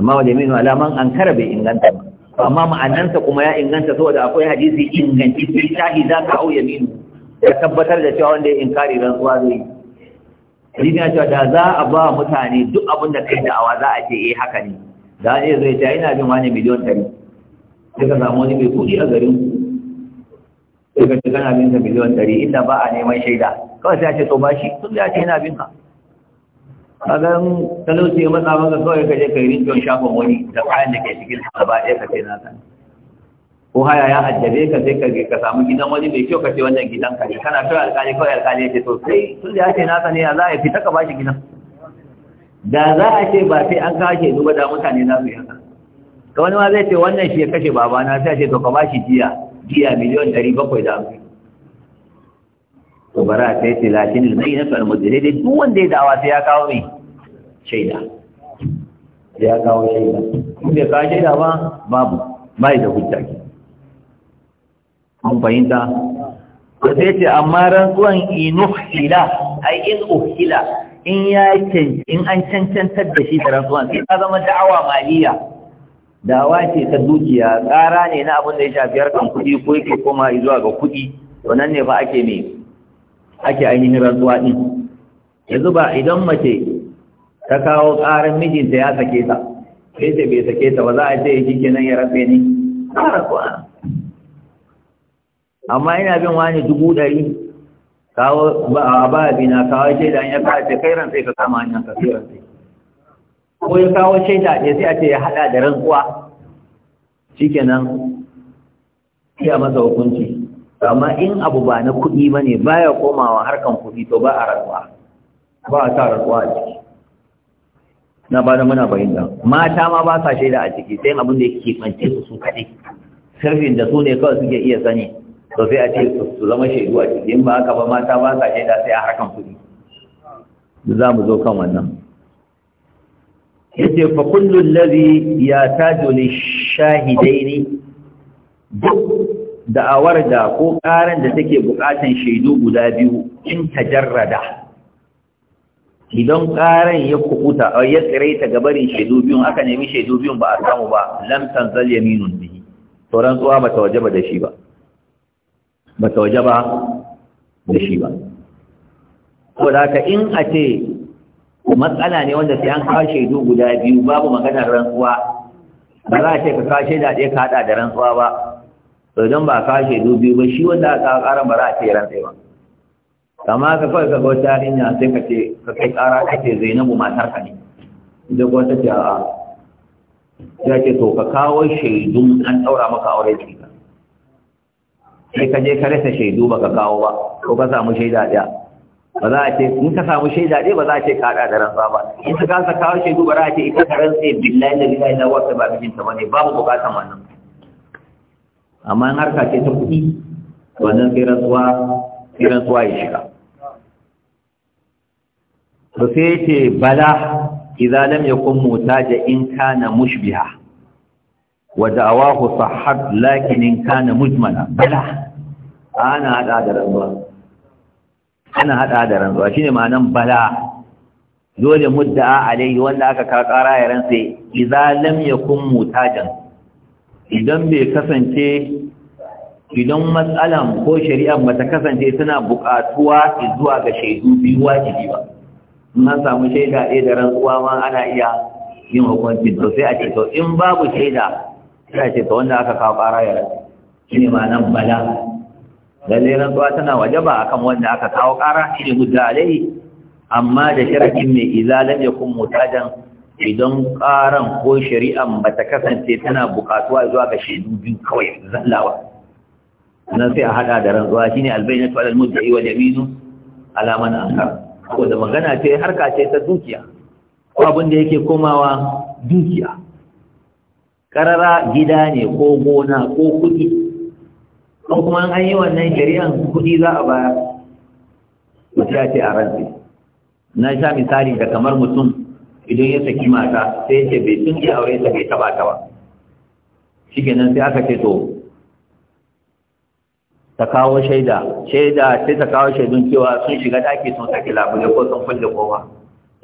amma wajen ala man an bai inganta ba amma ma'anansa kuma ya inganta saboda akwai hadisi inganci sai shahi za ka au yaminu ya tabbatar da cewa wanda ya inkari rantsuwa zai yi hadisi ya cewa da za a ba mutane duk abin da kai da'awa za a ce eh haka ne da ya zai ta ina bin wani miliyon ɗari sai ka samu wani mai kuɗi a garin sai ka ce kana bin ta miliyon ɗari inda ba a neman shaida kawai sai a ce to ba shi tun da ya ce ina bin ka kagan talauci ya matsa maka kawai kaje je ka yi rinjon shafin wani da kayan da ke cikin gaba ɗaya ka ce naka ko haya ya addabe ka sai ka samu gidan wani mai kyau ka ce wannan gidan ka ne kana kawai alƙali kawai alƙali ya ce to sai tun da ya ce naka ne ya za a fita ka bashi gidan da za a ce ba sai an kawo shi duba da mutane za su yanka ka wani ma zai ce wannan shi ya kashe babana sai a ce to ka bashi jiya jiya miliyan ɗari bakwai da hamsin to bara sai ce lashin ilmai na tsarin mutu duk wanda ya dawa sai ya kawo mai shaida sai ya kawo shaida kuma da kawo shaida ba babu ba da hujja ke an fahimta ko sai ce amma rantsuwan inuhila ai in uhila in ya in an cancantar da shi da rantsuwan sai ta zama da'awa maliya dawa ce ta dukiya tsara ne na abin da ya shafi kan kuɗi ko yake koma zuwa ga kuɗi to nan ne fa ake mai ake ainihin rantsuwa ɗin yanzu ba idan mace ta kawo ƙarin mijinta ya sake ta sai ce bai sake ta ba za a ce ya shi nan ya rafe ni ƙara rantsuwa amma ina bin wani dubu ɗari kawo ba ba bina kawo shaida ya kawo ce kai ran ka kama hanyar ka sai sai ko ya kawo shaida ɗaya sai a ce ya haɗa da rantsuwa shi kenan iya masa hukunci amma in abu ba na kuɗi ba ne ya komawa harkan kuɗi to ba a rasuwa ba a sa rantsuwa a ciki na ba da muna bayyana mata ma ba sa shaida a ciki sai abin da ke kwance su su kaɗe sirrin da su ne kawai suke iya sani to sai a ce su zama shaidu a ciki in ba haka ba mata ba sa shaida sai a harkan kuɗi za mu zo kan wannan yace fa kullu allazi yataju lishahidaini duk da'awar da ko karan da take buƙatan shaidu guda biyu in tajarrada idan karan ya kukuta a ya tsirai ta gabarin shaidu biyun aka nemi shaidu biyun ba a samu ba lam tanzal yaminun bihi to rantsuwa ba ta wajaba da shi ba ba ta wajaba da shi ba ko da ka in a ce matsala ne wanda sai an kawo shaidu guda biyu babu maganar rantsuwa ba za a ce ka kawo shaida ɗaya ka haɗa da rantsuwa ba to idan ba ka shaidu biyu ba shi wanda aka ƙara ba za a ce ran tsaye ba kama ka kawai ka ga wata yarinya sai ka ce ka kai ƙara ka ce zainabu matar ka ne da wata ce a ya ce to ka kawo shaidu an ɗaura maka aure ce ka sai ka je ka rasa shaidu ba ka kawo ba ko ka samu shaida ɗaya ba za a ce in ka samu shaida ɗaya ba za a ce ka da rantsa ba in ka kasa kawo shaidu ba za a ce ita ka rantsa billahi da billahi na wata ba mijinta ba ne babu bukatan wannan amma in harka ce ta kuɗi wannan sai rantsuwa sai rantsuwa ya shiga to sai ce bala idza lam yakun mutaja in kana mushbiha wa da'awahu sahhat lakin in kana mujmala bala ana hada da rantsuwa ana hada da rantsuwa shine ma'anan bala dole mudda'a alaihi wanda aka ka kara ya rantsa idza lam yakun mutajan idan bai kasance idan matsalan ko shari'ar ba kasance tana buƙatuwa zuwa ga shaidu biyu wajibi ba in an samu shaida ɗaya da rantsuwa ma ana iya yin hukuncin to sai a ce to in babu shaida sai a ce to wanda aka kawo ƙara ya rasu ma nan bala Lallai rantsuwa tana waje ba akan wanda aka kawo ƙara ne guda alai amma da sharaɗin mai izalan ya kun mutajen idan ƙaran ko shari'an ba ta kasance tana buƙatuwa zuwa ga shaidu biyu kawai zallawa nan sai a haɗa da rantsuwa shine albayyana to alal mudda'i wa yaminu ala man ankar ko da magana ce harka ce ta dukiya ko abin da yake komawa dukiya karara gida ne ko gona ko kuɗi ko kuma an yi wannan shari'an kuɗi za a bayar mutum ya ce a rantsi na sha misali da kamar mutum idan ya saki mata sai ce bai sun ji aure ta bai taba ta ba shi kenan sai aka ce to ta kawo shaida shaida sai ta kawo shaidun cewa sun shiga daki sun saki labule ko sun kulle kowa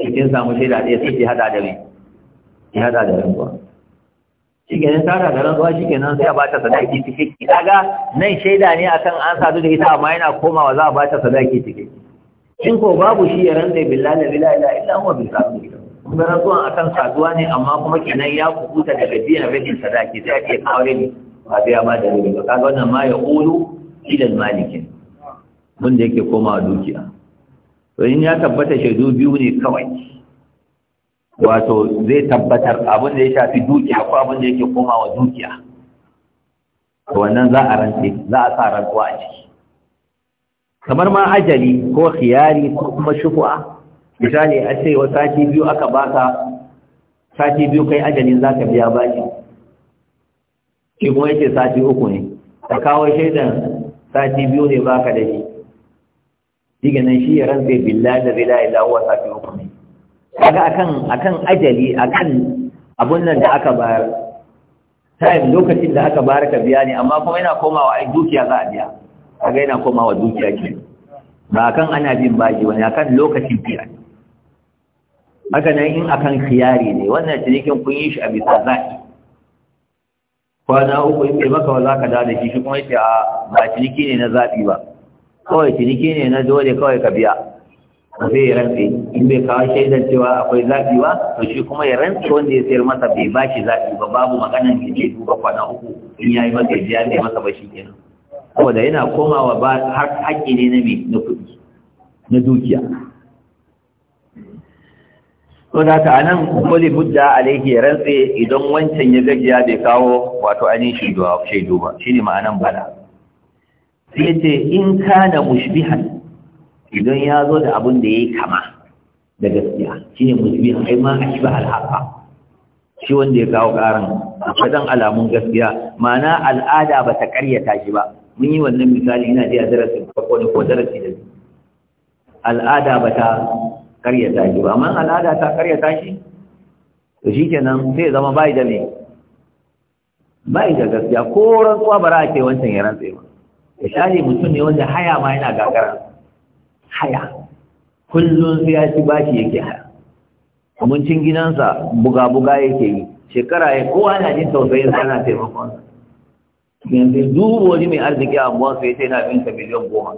cikin samu shaida ɗaya sun ki hada da mai ki hada da rantsuwa shi kenan ta hada da rantsuwa shi kenan sai a bata sadaki cike kaga nan shaida ne akan an sadu da ita amma yana komawa za a ba bata sadaki cike in ko babu shi ya rantsa billahi la ilaha illa huwa bil sabr kuma rantsuwan akan saduwa ne amma kuma kenan ya kubuta daga biyan rabin sadaki sai ake kawo ne ba biya ma da rabi ba kaga wannan ma ya ulu ilal malikin wanda yake komawa dukiya to in ya tabbata shaidu biyu ne kawai wato zai tabbatar abin da ya shafi dukiya ko abin da yake komawa dukiya to wannan za a rantse za a sa rantsuwa a ciki kamar ma ajali ko khiyari ko kuma shufu'a misali a ce wa sati biyu aka baka sati biyu kai ajalin za ka biya baki shi kuma yake sati uku ne ka kawo shaidan sati biyu ne baka da shi diga nan shi ya rantse billahi da billahi la huwa sati uku ne kaga akan akan ajali akan abun nan da aka bayar time lokacin da aka bayar ka biya ne amma kuma yana komawa ai dukiya za a biya kaga yana komawa dukiya ke ba kan ana bin baki wani akan lokacin biya ne haka nan in akan kiyari ne wannan cinikin kun yi shi a bisa zaki kwana uku in bai maka wa za ka da shi shi kuma yake a ba ciniki ne na zaɓi ba kawai ciniki ne na dole kawai ka biya ba zai rantse in bai kawo shaidar cewa akwai zaɓi ba to shi kuma ya rantse wanda ya sayar masa bai ba shi zaɓi ba babu maganan da ke duba kwana uku in ya yi masa biya bai masa ba shi kenan saboda yana komawa ba har haƙƙi ne na me na kuɗi na dukiya so da ta nan kuli mudda alaihi ya rantse idan wancan ya gajiya bai kawo wato ainihin shaidu ba shine ma'anan bala sai ce in kana mushbihan idan ya zo da abun da yayi kama da gaskiya shine mushbihan ai ma ashba al-haqa shi wanda ya kawo karan akwai dan alamun gaskiya ma'ana al'ada ba ta karyata shi ba mun yi wannan misali ina ji a darasin farko ko darasi da al'ada ba ta ta shi ba amma al'ada ta karya ta shi to shi kenan sai zama bai da ne bai da gaskiya ko rantsuwa ba za a ce wancan ya rantse ba ya shari mutum ne wanda haya ma yana gagara haya kullum sai ya ci bashi yake haya amincin gidansa buga-buga yake yi shekara ya kowa na jin tausayin sana taimakon yanzu duk wani mai arziki a buwansa ya ce na binsa miliyan goma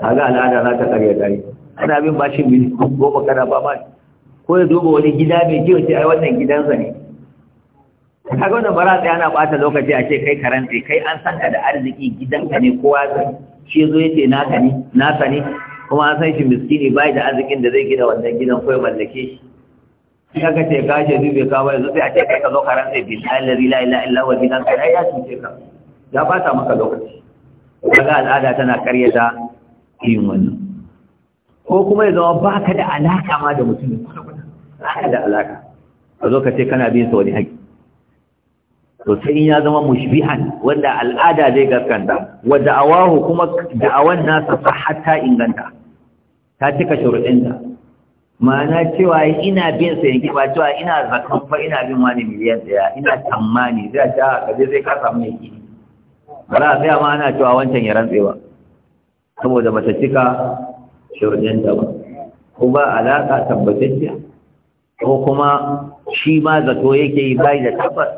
kaga al'ada za ta karya kare ana bin bashi miliyan goma kana ba ma ko ya duba wani gida mai kyau ce ai wannan gidansa ne ga wannan bara tsaya ana bata lokaci a ce kai karanta kai an san ka da arziki gidanka ne kowa zai shi zo yace naka ne naka ne kuma an san shi miskini bai da arzikin da zai gina wannan gidan ko ya mallake shi ya ka ce gashi dube ka bai zo sai a ce kai ka zo karanta billahi la ilaha illa huwa gidanka ne ya tuce ka ya bata maka lokaci kaga al'ada tana karyata yin wannan ko kuma ya zama ba ka da alaka ma da mutum baka da alaka a zo ka ce kana bin sa wani haƙi to sai in ya zama mushbihan wanda al'ada zai gaskanta wa da'awahu kuma da'awan nasa hatta inganta ta cika shuruɗinta ma'ana cewa ina bin sa yanki ba cewa ina zakon fa ina bin wani miliyan daya ina tsammani zai ta ah, kaje sai ka samu yaki ba za a tsaya ma ana cewa wancan ya rantse ba saboda bata cika shirin da ba ko ba alaƙa tabbatacciya ko kuma shi ma zato yake yi bai da tabbas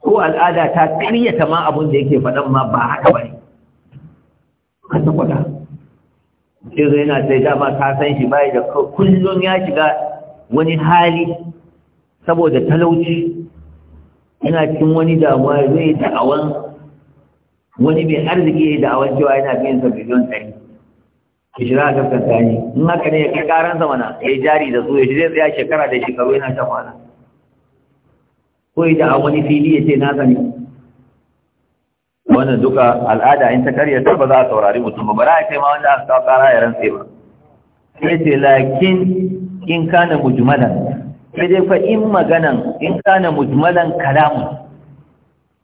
ko al'ada ta karyata ma abin da yake faɗan ma ba haka ba ne kasa kwata zai na sai dama ka san shi bai da kullum ya shiga wani hali saboda talauci yana cikin wani damuwa zai da'awan wani mai arziki ya da'awan cewa yana biyan sa biliyon ɗari ya shi za a in haka ne ya kai karan zamana ya yi jari da su ya shi zai tsaya shekara da shekaru yana shan wahala ko ya da wani fili ya ce na zane wannan duka al'ada in ta karya ta ba za a saurari mutum ba bara ya kai ma wanda aka kawo kara ya rantse ba sai ce lakin in kana mujmalan sai dai fa in maganan in kana mujmalan kalamun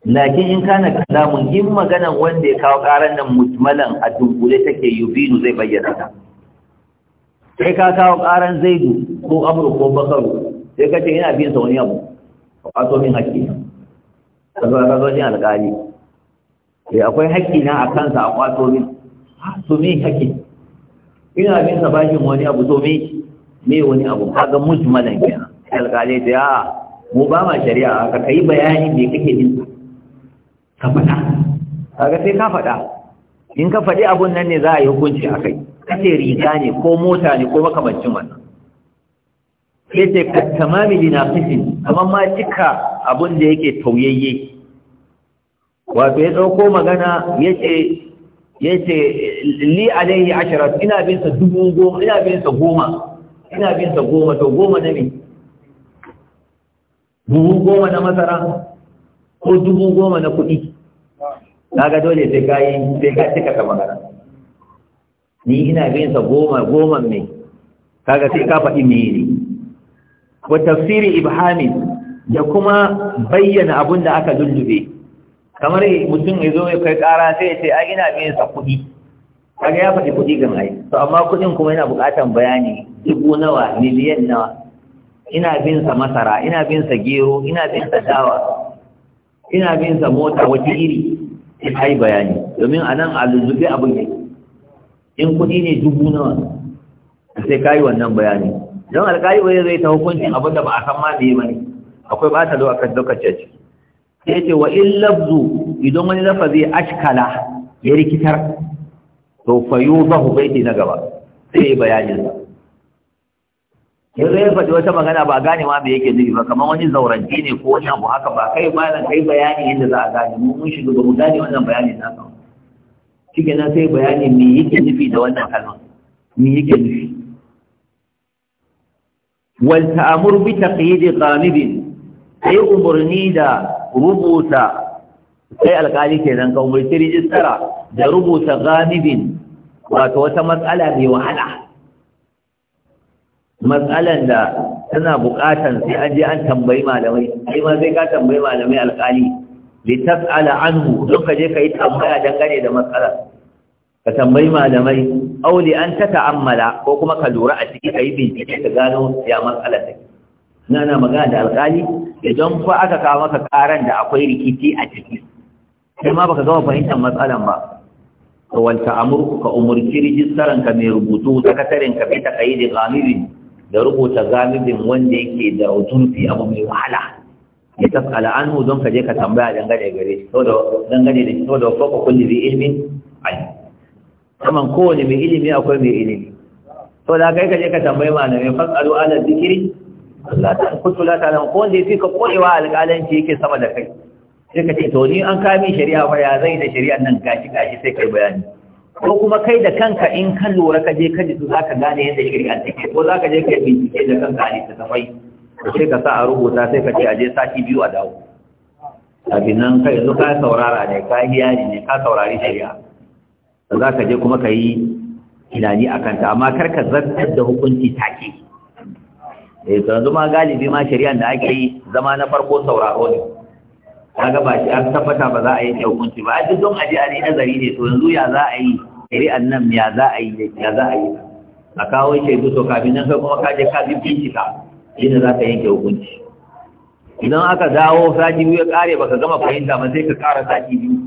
lakin in kana kalamun in maganan wanda ya kawo karan nan mutmalan a dunkule take yubinu zai bayyana ta sai ka kawo karan zaidu ko amru ko bakaru sai ka ce ina bin sa wani abu a to min haƙƙi ka zo ka zo jin alƙali sai eh, akwai haƙƙi na a kansa a kwato min ah, to me haƙƙi ina bin sa bashin wani abu to me me wani abu kaga mutmalan kenan alƙali ta ya mu ba ma shari'a ka kai bayanin me kake bin sa ka faɗa kaga sai ka faɗa in ka faɗi abun nan ne za a yi hukunci a kai kace riga ne ko mota ne ko makamancin wannan sai ce ka tamami fitin amma ma cika abun da yake tauyayye wato ya ɗauko magana ya ce ya ce li alaihi ashirat ina bin sa dubu goma ina bin sa goma ina bin sa goma to goma na me dubu goma na masara ko dubu goma na kuɗi kaga dole sai ka yi sai ka cika ta magana ni ina bin sa goma goma ne kaga sai ka faɗi me ne wa tafsiri ibhami da kuma bayyana abun da aka lullube kamar mutum ya zo ya kai kara sai ya ce ai ina bin sa kuɗi kaga ya faɗi kuɗi gan ai to amma kuɗin kuma yana buƙatan bayani dubu nawa miliyan nawa ina bin sa masara ina bin sa gero ina bin sa dawa ina bin sa mota wata iri sai ta yi bayani domin a nan a abin ne in kudi ne dubu nawa sai ka yi wannan bayani don alƙali wani zai ta hukuncin abin da ba a san ma da yi ba ne akwai ba ta zo a kan lokaci a sai ce wa in labzu idan wani lafazi ashkala ya rikitar to fayu ba hu baiti na gaba sai ya yi bayaninsa yanzu ya faɗi wata magana ba gane ma me yake nufi ba kamar wani zauranci ne ko wani abu haka ba kai malam kai bayani yadda za a gane mu mun shiga ba mu gane wannan bayanin naka kike nan sai bayani me yake nufi da wannan kalma me yake nufi wal ta'amur bi taqyid qamidin sai umurni da rubuta sai alƙali kenan ka umurci rijistara da rubuta ghamidin wato wata matsala mai wahala matsalan da tana bukatan sai an je an tambayi malamai sai ma sai ka tambayi malamai alƙali li tas'ala anhu don ka je ka yi tambaya dangane da matsalar ka tambayi malamai aw li an tata'ammala ko kuma ka lura a ciki ka yi bincike ka gano ya matsalar take na na magana da alƙali idan ko aka kawo maka karan da akwai rikici a ciki sai ma baka gama fahimtar matsalan ba ka walta amurku ka rijistaran ka mai rubutu ka bai taƙayi da gamirin da rubuta galibin wanda yake da zurfi abu mai wahala ya an anhu don ka je ka tambaya dangane gare shi saboda dangane da shi saboda foko kulli bi ilmin ali kaman kowane mai ilimi akwai mai ilimi To da kai ka je ka tambayi malamai fasalu ala zikiri Allah ta kuntu la ta'lam ko wanda yake ka wa alƙalanci yake sama da kai sai ka ce to ni an kami shari'a fa ya zai da shari'an nan gashi gashi sai kai bayani ko kuma kai da kanka in ka lura ka je ka ji za ka gane yadda ta take ko za ka je ka bincike da kanka a lissa Ka sai ka sa a rubuta sai ka ce a je sati biyu a dawo kafin nan ka yanzu ka saurara ne ka hiyari ne ka saurari shari'a da za ka je kuma ka yi tunani a kanta amma kar ka zartar da hukunci take eh yanzu ma galibi ma shari'a da ake yi zama na farko sauraro ne kaga ba shi an tabbata ba za a yi hukunci ba a duk don aje a yi nazari ne to yanzu ya za a yi iri nan ya za a yi ya za a yi a kawo shaidu to kafin nan kai kuma ka je ka bincika inda za ka yanke hukunci idan aka dawo sati biyu ya kare ka gama fahimta ba sai ka kara sati biyu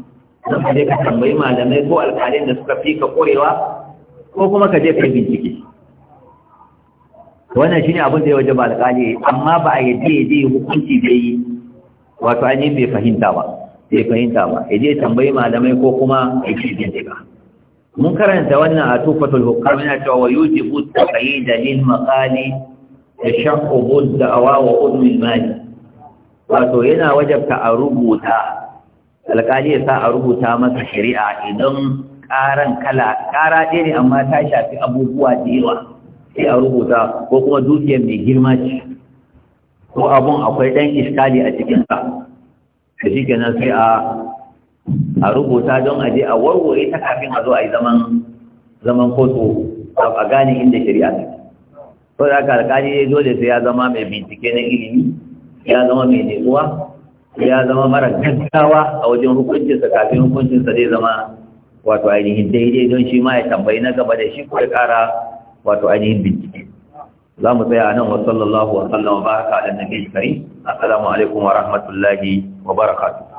Zan ka je ka tambayi malamai ko alƙalin da suka fi ka ƙwarewa ko kuma ka je ka bincike wannan ne abin da ya waje ba alƙali amma ba a yadda ya je hukunci da yi wato yi bai fahimta ba bai fahimta ba ya je tambayi malamai ko kuma ya ce bincika mun karanta wannan a tufatul hukam yana cewa wa yujibu da lil maqali da da'awa wa udm mali wato yana wajabta a rubuta ya sa a rubuta masa shari'a idan ƙaran kala ƙara ɗaya ne amma ta shafi abubuwa da yawa sai a rubuta ko kuma dukiyar mai girma ce ko abun akwai ɗan iskali a cikinsa da shi nan sai a rubuta don a je a warware ta kafin a zo a yi zaman kotu a gane inda shari'a ta ko da aka alƙali ya dole sai ya zama mai bincike na ilimi ya zama mai nemuwa ya zama mara gaggawa a wajen hukuncinsa kafin hukuncinsa zai zama wato ainihin daidai don shi ma ya tambayi na gaba da shi ko ya ƙara wato ainihin bincike za mu tsaya a nan wa sallallahu wa sallama baraka a nabi karim assalamu alaikum wa rahmatullahi wa barakatuh